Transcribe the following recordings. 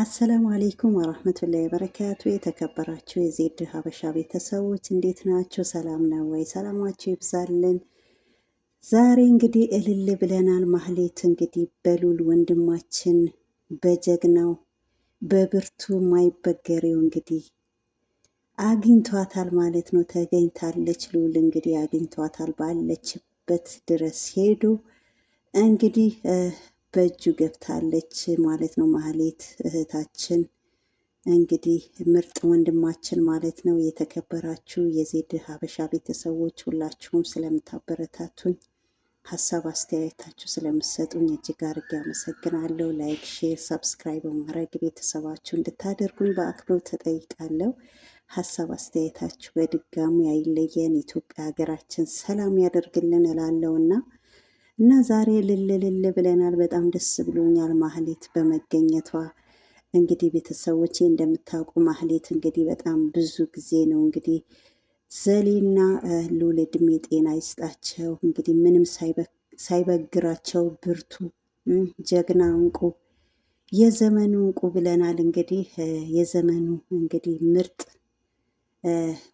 አሰላሙ አሌይኩም ወራህመቱላሂ ወበረካቱ። የተከበራችሁ የዜድ ሀበሻ ቤተሰቦች እንዴት ናቸው? ሰላም ነው ወይ? ሰላማችሁ ይብዛልን። ዛሬ እንግዲህ እልል ብለናል። ማህሌት እንግዲህ በሉል ወንድማችን በጀግናው በብርቱ ማይበገሬው እንግዲህ አግኝቷታል ማለት ነው። ተገኝታለች። ሉል እንግዲህ አግኝቷታል ባለችበት ድረስ ሄዱ እንግዲህ በእጁ ገብታለች ማለት ነው። ማህሌት እህታችን እንግዲህ ምርጥ ወንድማችን ማለት ነው። የተከበራችሁ የዜድ ሀበሻ ቤተሰቦች ሁላችሁም ስለምታበረታቱኝ ሀሳብ አስተያየታችሁ ስለምሰጡኝ እጅግ አድርጌ አመሰግናለሁ። ላይክ፣ ሼር፣ ሰብስክራይብ በማድረግ ቤተሰባችሁ እንድታደርጉኝ በአክብሮት ተጠይቃለሁ። ሀሳብ አስተያየታችሁ በድጋሚ አይለየን። ኢትዮጵያ ሀገራችን ሰላም ያደርግልን እላለሁና እና ዛሬ ልል ልል ብለናል። በጣም ደስ ብሎኛል ማህሌት በመገኘቷ። እንግዲህ ቤተሰቦቼ እንደምታውቁ ማህሌት እንግዲህ በጣም ብዙ ጊዜ ነው እንግዲህ ዘሌና ልዑል እድሜ ጤና ይስጣቸው። እንግዲህ ምንም ሳይበግራቸው ብርቱ ጀግና እንቁ የዘመኑ እንቁ ብለናል። እንግዲህ የዘመኑ እንግዲህ ምርጥ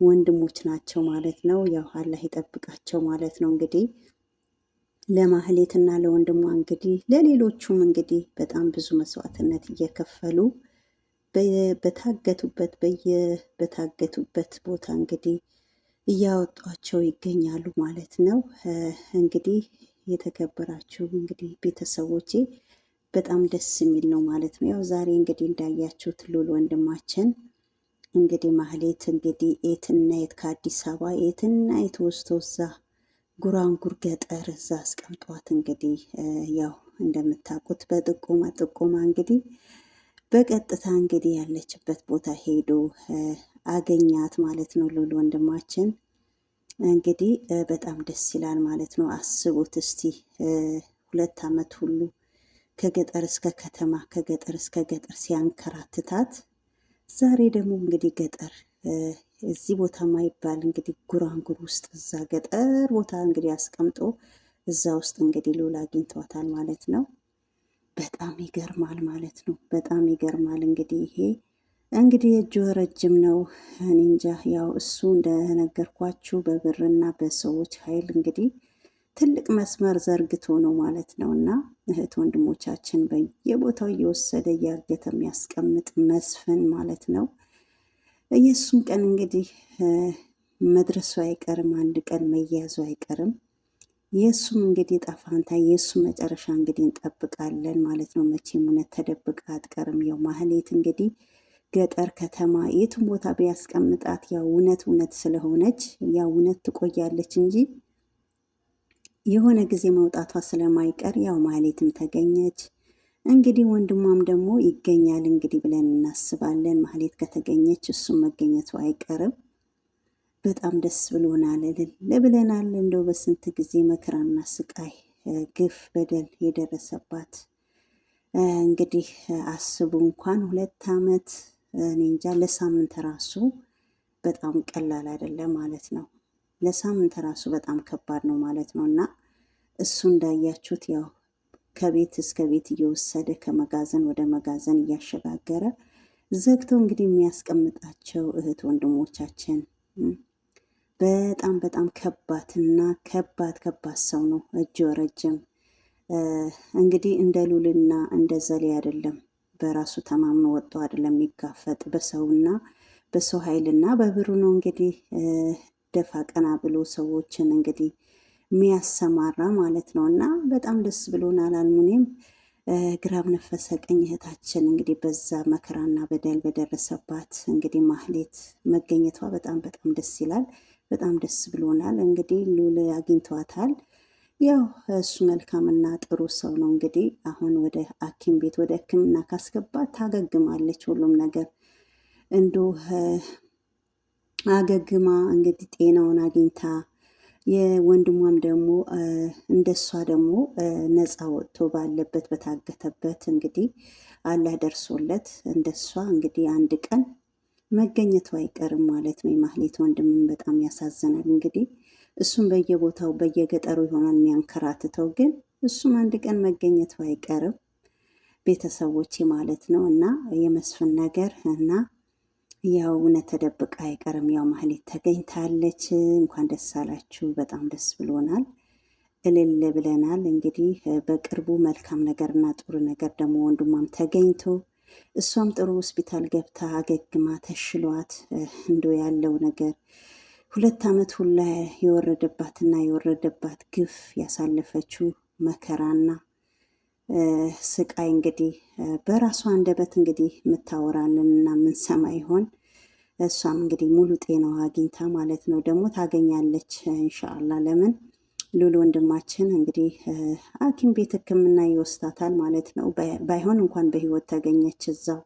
ወንድሞች ናቸው ማለት ነው። ያው አላህ ይጠብቃቸው ማለት ነው እንግዲህ ለማህሌት እና ለወንድሟ እንግዲህ ለሌሎቹም እንግዲህ በጣም ብዙ መስዋዕትነት እየከፈሉ በታገቱበት በየበታገቱበት ቦታ እንግዲህ እያወጧቸው ይገኛሉ ማለት ነው። እንግዲህ የተከበራችሁ እንግዲህ ቤተሰቦቼ በጣም ደስ የሚል ነው ማለት ነው። ያው ዛሬ እንግዲህ እንዳያችሁት ሉል ወንድማችን እንግዲህ ማህሌት እንግዲህ የትና የት ከአዲስ አበባ የትና የት ወስዶ እዛ ጉራንጉር ገጠር እዛ አስቀምጧት እንግዲህ ያው እንደምታውቁት በጥቆማ ጥቆማ እንግዲህ በቀጥታ እንግዲህ ያለችበት ቦታ ሄዶ አገኛት ማለት ነው። ሉል ወንድማችን እንግዲህ በጣም ደስ ይላል ማለት ነው። አስቡት እስቲ ሁለት ዓመት ሁሉ ከገጠር እስከ ከተማ ከገጠር እስከ ገጠር ሲያንከራትታት ዛሬ ደግሞ እንግዲህ ገጠር እዚህ ቦታ ማይባል እንግዲህ ጉራንጉር ውስጥ እዛ ገጠር ቦታ እንግዲህ አስቀምጦ እዛ ውስጥ እንግዲህ ሉላ አግኝቷታል ማለት ነው። በጣም ይገርማል ማለት ነው። በጣም ይገርማል እንግዲህ ይሄ እንግዲህ እጁ ረጅም ነው። እንጃ ያው እሱ እንደነገርኳችሁ በብርና በሰዎች ኃይል እንግዲህ ትልቅ መስመር ዘርግቶ ነው ማለት ነው። እና እህት ወንድሞቻችን በየቦታው እየወሰደ እያገተ የሚያስቀምጥ መስፍን ማለት ነው። የእሱም ቀን እንግዲህ መድረሱ አይቀርም፣ አንድ ቀን መያዙ አይቀርም። የእሱም እንግዲህ ጠፋንታ የእሱ መጨረሻ እንግዲህ እንጠብቃለን ማለት ነው። መቼም እውነት ተደብቃ አትቀርም። ያው ማህሌት እንግዲህ ገጠር ከተማ የትም ቦታ ቢያስቀምጣት ያው እውነት እውነት ስለሆነች ያው እውነት ትቆያለች እንጂ የሆነ ጊዜ መውጣቷ ስለማይቀር ያው ማህሌትም ተገኘች እንግዲህ ወንድሟም ደግሞ ይገኛል እንግዲህ ብለን እናስባለን። ማህሌት ከተገኘች እሱም መገኘቱ አይቀርም። በጣም ደስ ብሎናል፣ እልል ብለናል። እንደው በስንት ጊዜ መከራና ስቃይ፣ ግፍ፣ በደል የደረሰባት እንግዲህ አስቡ እንኳን ሁለት ዓመት እኔ እንጃ ለሳምንት ራሱ በጣም ቀላል አይደለም ማለት ነው። ለሳምንት ራሱ በጣም ከባድ ነው ማለት ነው እና እሱ እንዳያችሁት ያው ከቤት እስከ ቤት እየወሰደ ከመጋዘን ወደ መጋዘን እያሸጋገረ ዘግቶ እንግዲህ የሚያስቀምጣቸው እህት ወንድሞቻችን በጣም በጣም ከባትና ከባድ ከባድ ሰው ነው። እጅ ረጅም እንግዲህ እንደ ሉልና እንደ ዘሌ አይደለም። በራሱ ተማምኖ ወጥቶ አይደለም የሚጋፈጥ በሰውና በሰው ኃይልና በብሩ ነው እንግዲህ ደፋ ቀና ብሎ ሰዎችን እንግዲህ የሚያሰማራ ማለት ነው እና በጣም ደስ ብሎናል። አልሙኒየም ግራም ነፈሰ ቀኝ እህታችን እንግዲህ በዛ መከራና በደል በደረሰባት እንግዲህ ማህሌት መገኘቷ በጣም በጣም ደስ ይላል። በጣም ደስ ብሎናል። እንግዲህ ሉል አግኝቷታል። ያው እሱ መልካምና ጥሩ ሰው ነው። እንግዲህ አሁን ወደ ሐኪም ቤት ወደ ሕክምና ካስገባት ታገግማለች። ሁሉም ነገር እንዶ አገግማ እንግዲህ ጤናውን አግኝታ የወንድሟም ደግሞ እንደሷ ደግሞ ነፃ ወጥቶ ባለበት በታገተበት እንግዲህ አላህ ደርሶለት እንደሷ እንግዲህ አንድ ቀን መገኘቱ አይቀርም ማለት ነው። የማህሌት ወንድምን በጣም ያሳዝናል። እንግዲህ እሱም በየቦታው በየገጠሩ ይሆናል የሚያንከራትተው፣ ግን እሱም አንድ ቀን መገኘቱ አይቀርም ቤተሰቦቼ ማለት ነው እና የመስፍን ነገር እና ያው እውነት ተደብቃ አይቀርም። ያው ማህሌት ተገኝታለች። እንኳን ደስ አላችሁ። በጣም ደስ ብሎናል፣ እልል ብለናል። እንግዲህ በቅርቡ መልካም ነገርና ጥሩ ነገር ደግሞ ወንድሟም ተገኝቶ እሷም ጥሩ ሆስፒታል ገብታ አገግማ ተሽሏት እንዶ ያለው ነገር ሁለት ዓመት ሁላ የወረደባትና የወረደባት ግፍ ያሳለፈችው መከራና ስቃይ እንግዲህ በራሷ አንደበት እንግዲህ የምታወራልን እና ምንሰማ ይሆን? እሷም እንግዲህ ሙሉ ጤናዋ አግኝታ ማለት ነው ደግሞ ታገኛለች እንሻአላ። ለምን ሉሉ ወንድማችን እንግዲህ ሐኪም ቤት ሕክምና ይወስዳታል ማለት ነው። ባይሆን እንኳን በህይወት ተገኘች እዛው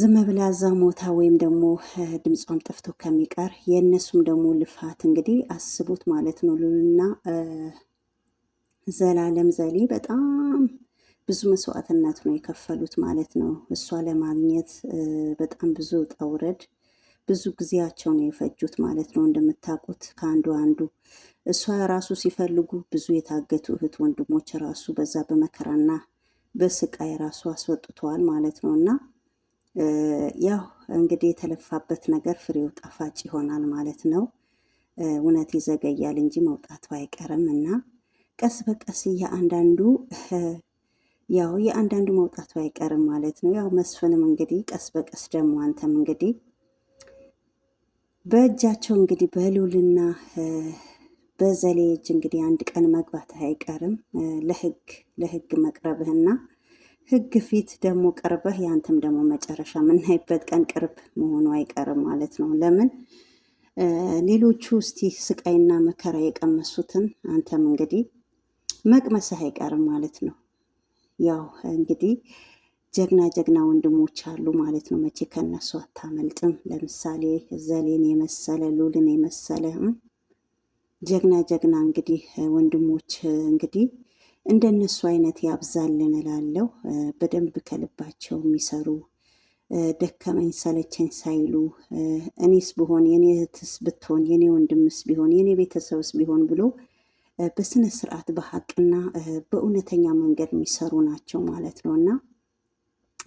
ዝም ብላ እዛው ሞታ ወይም ደግሞ ድምጿም ጠፍቶ ከሚቀር የእነሱም ደግሞ ልፋት እንግዲህ አስቡት ማለት ነው ሉሉና ዘላለም ዘሌ በጣም ብዙ መስዋዕትነት ነው የከፈሉት ማለት ነው። እሷ ለማግኘት በጣም ብዙ ጠውረድ ብዙ ጊዜያቸው ነው የፈጁት ማለት ነው። እንደምታውቁት ከአንዱ አንዱ እሷ ራሱ ሲፈልጉ ብዙ የታገቱ እህት ወንድሞች ራሱ በዛ በመከራና በስቃይ ራሱ አስወጥተዋል ማለት ነው እና ያው እንግዲህ የተለፋበት ነገር ፍሬው ጣፋጭ ይሆናል ማለት ነው። እውነት ይዘገያል እንጂ መውጣቱ አይቀርም እና ቀስ በቀስ እያንዳንዱ ያው የአንዳንዱ መውጣቱ አይቀርም ማለት ነው። ያው መስፍንም እንግዲህ ቀስ በቀስ ደግሞ አንተም እንግዲህ በእጃቸው እንግዲህ በሉልና በዘሌ እጅ እንግዲህ አንድ ቀን መግባት አይቀርም። ለህግ ለህግ መቅረብህና ህግ ፊት ደግሞ ቀርበህ የአንተም ደግሞ መጨረሻ የምናይበት ቀን ቅርብ መሆኑ አይቀርም ማለት ነው። ለምን ሌሎቹ እስቲ ስቃይና መከራ የቀመሱትን አንተም እንግዲህ መቅመስ አይቀርም ማለት ነው። ያው እንግዲህ ጀግና ጀግና ወንድሞች አሉ ማለት ነው። መቼ ከነሱ አታመልጥም። ለምሳሌ ዘሌን የመሰለ ሉልን የመሰለ ጀግና ጀግና እንግዲህ ወንድሞች እንግዲህ እንደነሱ አይነት ያብዛልን እላለሁ። በደንብ ከልባቸው የሚሰሩ ደከመኝ ሰለቸኝ ሳይሉ እኔስ ብሆን የኔ እህትስ ብትሆን የኔ ወንድምስ ቢሆን የኔ ቤተሰብስ ቢሆን ብሎ በስነ ስርዓት በሀቅና በእውነተኛ መንገድ የሚሰሩ ናቸው ማለት ነው እና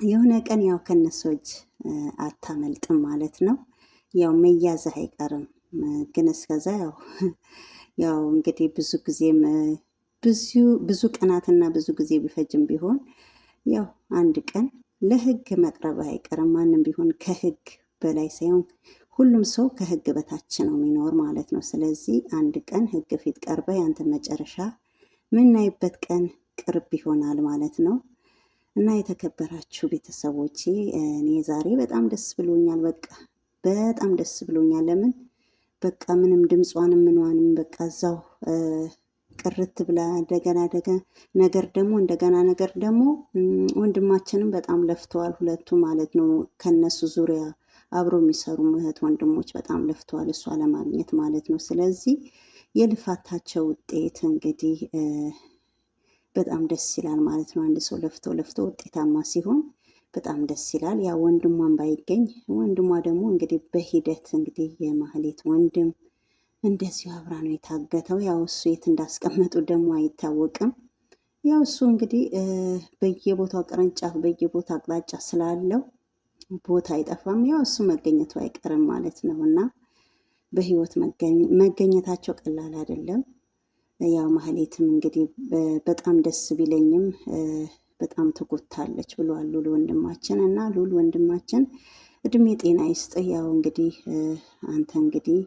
የሆነ ቀን ያው ከነሶች አታመልጥም ማለት ነው። ያው መያዝህ አይቀርም ግን እስከዛ ያው ያው እንግዲህ ብዙ ጊዜም ብዙ ብዙ ቀናትና ብዙ ጊዜ ቢፈጅም ቢሆን ያው አንድ ቀን ለህግ መቅረብ አይቀርም። ማንም ቢሆን ከህግ በላይ ሳይሆን ሁሉም ሰው ከህግ በታች ነው የሚኖር ማለት ነው። ስለዚህ አንድ ቀን ህግ ፊት ቀርበ ያንተን መጨረሻ ምናይበት ቀን ቅርብ ይሆናል ማለት ነው። እና የተከበራችሁ ቤተሰቦች እኔ ዛሬ በጣም ደስ ብሎኛል። በቃ በጣም ደስ ብሎኛል። ለምን በቃ ምንም ድምጿንም ምኗንም በቃ እዛው ቅርት ብላ እንደገና ነገር ደግሞ እንደገና ነገር ደግሞ ወንድማችንም በጣም ለፍተዋል ሁለቱ ማለት ነው ከነሱ ዙሪያ አብሮ የሚሰሩ እህት ወንድሞች በጣም ለፍተዋል፣ እሷ ለማግኘት ማለት ነው። ስለዚህ የልፋታቸው ውጤት እንግዲህ በጣም ደስ ይላል ማለት ነው። አንድ ሰው ለፍቶ ለፍቶ ውጤታማ ሲሆን በጣም ደስ ይላል። ያ ወንድሟን ባይገኝ ወንድሟ ደግሞ እንግዲህ በሂደት እንግዲህ የማህሌት ወንድም እንደዚሁ አብራ ነው የታገተው። ያው እሱ የት እንዳስቀመጡ ደግሞ አይታወቅም። ያው እሱ እንግዲህ በየቦታው ቅርንጫፍ በየቦታ አቅጣጫ ስላለው ቦታ አይጠፋም። ያው እሱ መገኘቱ አይቀርም ማለት ነው እና በህይወት መገኘታቸው ቀላል አይደለም። ያው ማህሌትም እንግዲህ በጣም ደስ ቢለኝም በጣም ትጎታለች ብሏል ሉል ወንድማችን እና ሉል ወንድማችን እድሜ ጤና ይስጥ። ያው እንግዲህ አንተ እንግዲህ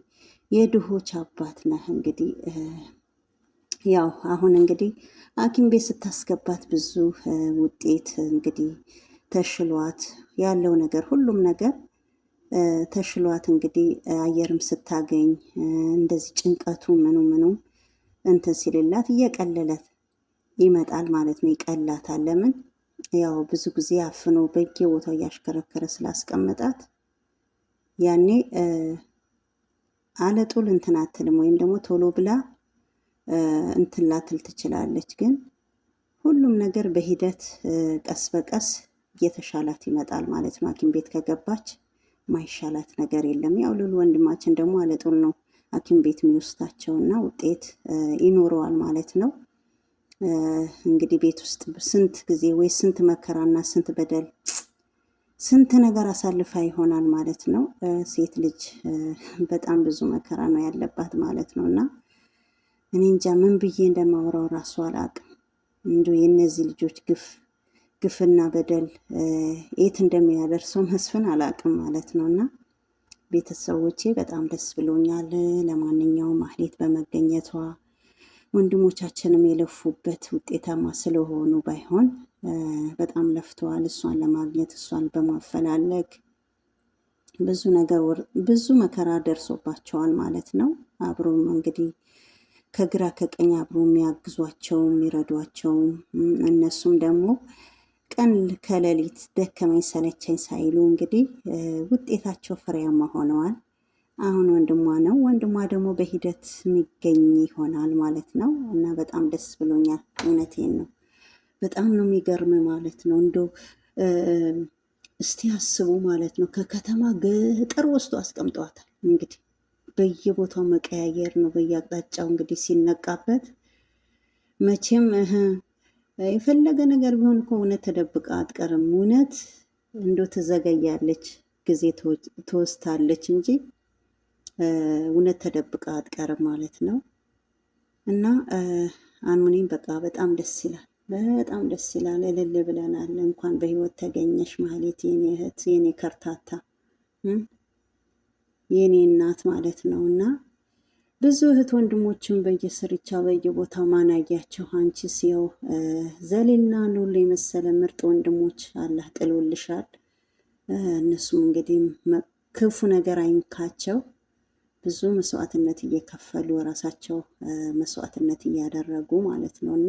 የድሆች አባት ነህ እንግዲህ ያው አሁን እንግዲህ ሐኪም ቤት ስታስገባት ብዙ ውጤት እንግዲህ ተሽሏት ያለው ነገር ሁሉም ነገር ተሽሏት እንግዲህ አየርም ስታገኝ እንደዚህ ጭንቀቱ ምኑ ምኑ እንትን ሲልላት እየቀለለት ይመጣል ማለት ነው። ይቀላታል። ለምን ያው ብዙ ጊዜ አፍኖ በጌ ቦታው እያሽከረከረ ስላስቀመጣት ያኔ አለጡል እንትን አትልም ወይም ደግሞ ቶሎ ብላ እንትን ላትል ትችላለች። ግን ሁሉም ነገር በሂደት ቀስ በቀስ እየተሻላት ይመጣል ማለት ነው። ሐኪም ቤት ከገባች ማይሻላት ነገር የለም። ያው ሉሉ ወንድማችን ደግሞ አለጡን ነው ሐኪም ቤት የሚወስዳቸውና ውጤት ይኖረዋል ማለት ነው። እንግዲህ ቤት ውስጥ ስንት ጊዜ ወይ ስንት መከራና ስንት በደል ስንት ነገር አሳልፋ ይሆናል ማለት ነው። ሴት ልጅ በጣም ብዙ መከራ ነው ያለባት ማለት ነው። እና እኔ እንጃ ምን ብዬ እንደማውራው ራሱ አላቅም። እንዲሁ የእነዚህ ልጆች ግፍ ግፍና በደል የት እንደሚያደርሰው መስፍን አላቅም ማለት ነው። እና ቤተሰቦቼ በጣም ደስ ብሎኛል። ለማንኛውም ማህሌት በመገኘቷ ወንድሞቻችንም የለፉበት ውጤታማ ስለሆኑ ባይሆን በጣም ለፍተዋል። እሷን ለማግኘት እሷን በማፈላለግ ብዙ ነገር ብዙ መከራ ደርሶባቸዋል ማለት ነው። አብሮም እንግዲህ ከግራ ከቀኝ አብሮ የሚያግዟቸውም የሚረዷቸውም እነሱም ደግሞ ቀን ከሌሊት ደከመኝ ሰለቸኝ ሳይሉ እንግዲህ ውጤታቸው ፍሬያማ ሆነዋል። አሁን ወንድሟ ነው። ወንድሟ ደግሞ በሂደት የሚገኝ ይሆናል ማለት ነው እና በጣም ደስ ብሎኛል። እውነቴን ነው። በጣም ነው የሚገርም ማለት ነው። እንዶ እስቲ አስቡ ማለት ነው። ከከተማ ገጠር ወስዶ አስቀምጠዋታል። እንግዲህ በየቦታው መቀያየር ነው በየአቅጣጫው እንግዲህ ሲነቃበት መቼም የፈለገ ነገር ቢሆን እኮ እውነት ተደብቃ አትቀርም። እውነት እንዶ ትዘገያለች፣ ጊዜ ትወስታለች እንጂ እውነት ተደብቃ አትቀርም ማለት ነው። እና አኑኒም በቃ በጣም ደስ ይላል፣ በጣም ደስ ይላል። እልል ብለናል። እንኳን በህይወት ተገኘሽ ማህሌት፣ የኔ እህት፣ የኔ ከርታታ፣ የኔ እናት ማለት ነው እና ብዙ እህት ወንድሞችን በየስርቻ በየቦታው ማናያቸው አንቺ ሲው ዘሌና ሉል የመሰለ ምርጥ ወንድሞች አላህ ጥሎልሻል። እነሱም እንግዲህ ክፉ ነገር አይንካቸው። ብዙ መስዋዕትነት እየከፈሉ ራሳቸው መስዋዕትነት እያደረጉ ማለት ነው እና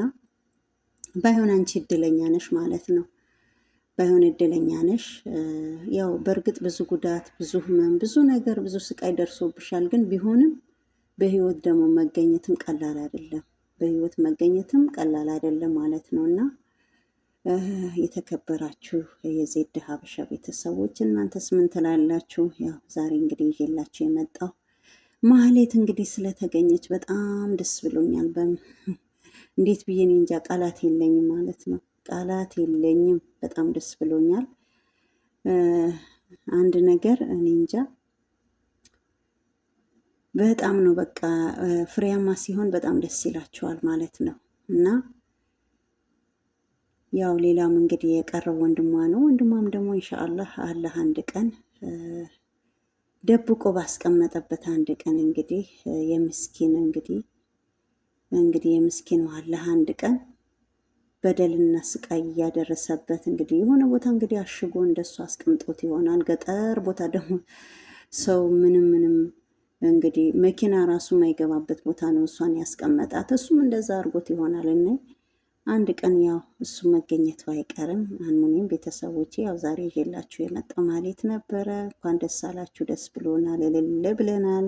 ባይሆን አንቺ እድለኛ ነሽ ማለት ነው። ባይሆን እድለኛ ነሽ። ያው በእርግጥ ብዙ ጉዳት፣ ብዙ ህመም፣ ብዙ ነገር፣ ብዙ ስቃይ ደርሶብሻል። ግን ቢሆንም በህይወት ደግሞ መገኘትም ቀላል አይደለም። በህይወት መገኘትም ቀላል አይደለም ማለት ነው እና የተከበራችሁ የዜድ ሀበሻ ቤተሰቦች እናንተስ ምን ትላላችሁ? ያው ዛሬ እንግዲህ ይዤላችሁ የመጣው ማህሌት እንግዲህ ስለተገኘች በጣም ደስ ብሎኛል። እንዴት ብዬ እኔ እንጃ ቃላት የለኝም ማለት ነው። ቃላት የለኝም። በጣም ደስ ብሎኛል። አንድ ነገር እኔ እንጃ በጣም ነው በቃ ፍሬያማ ሲሆን በጣም ደስ ይላቸዋል ማለት ነው። እና ያው ሌላም እንግዲህ የቀረው ወንድሟ ነው። ወንድሟም ደግሞ ኢንሻአላህ አላህ አንድ ቀን ደብቆ ባስቀመጠበት አንድ ቀን እንግዲህ የምስኪን እንግዲህ እንግዲህ የምስኪኑ አላህ አንድ ቀን በደልና ስቃይ እያደረሰበት እንግዲህ የሆነ ቦታ እንግዲህ አሽጎ እንደሱ አስቀምጦት ይሆናል። ገጠር ቦታ ደግሞ ሰው ምንም ምንም እንግዲህ መኪና ራሱ የማይገባበት ቦታ ነው እሷን ያስቀመጣት። እሱም እንደዛ አድርጎት ይሆናል እና አንድ ቀን ያው እሱ መገኘቱ አይቀርም። አልሙኒም ቤተሰቦቼ ያው ዛሬ ይዤላችሁ የመጣው ማለት ነበረ። እንኳን ደስ አላችሁ፣ ደስ ብሎናል፣ እልል ብለናል።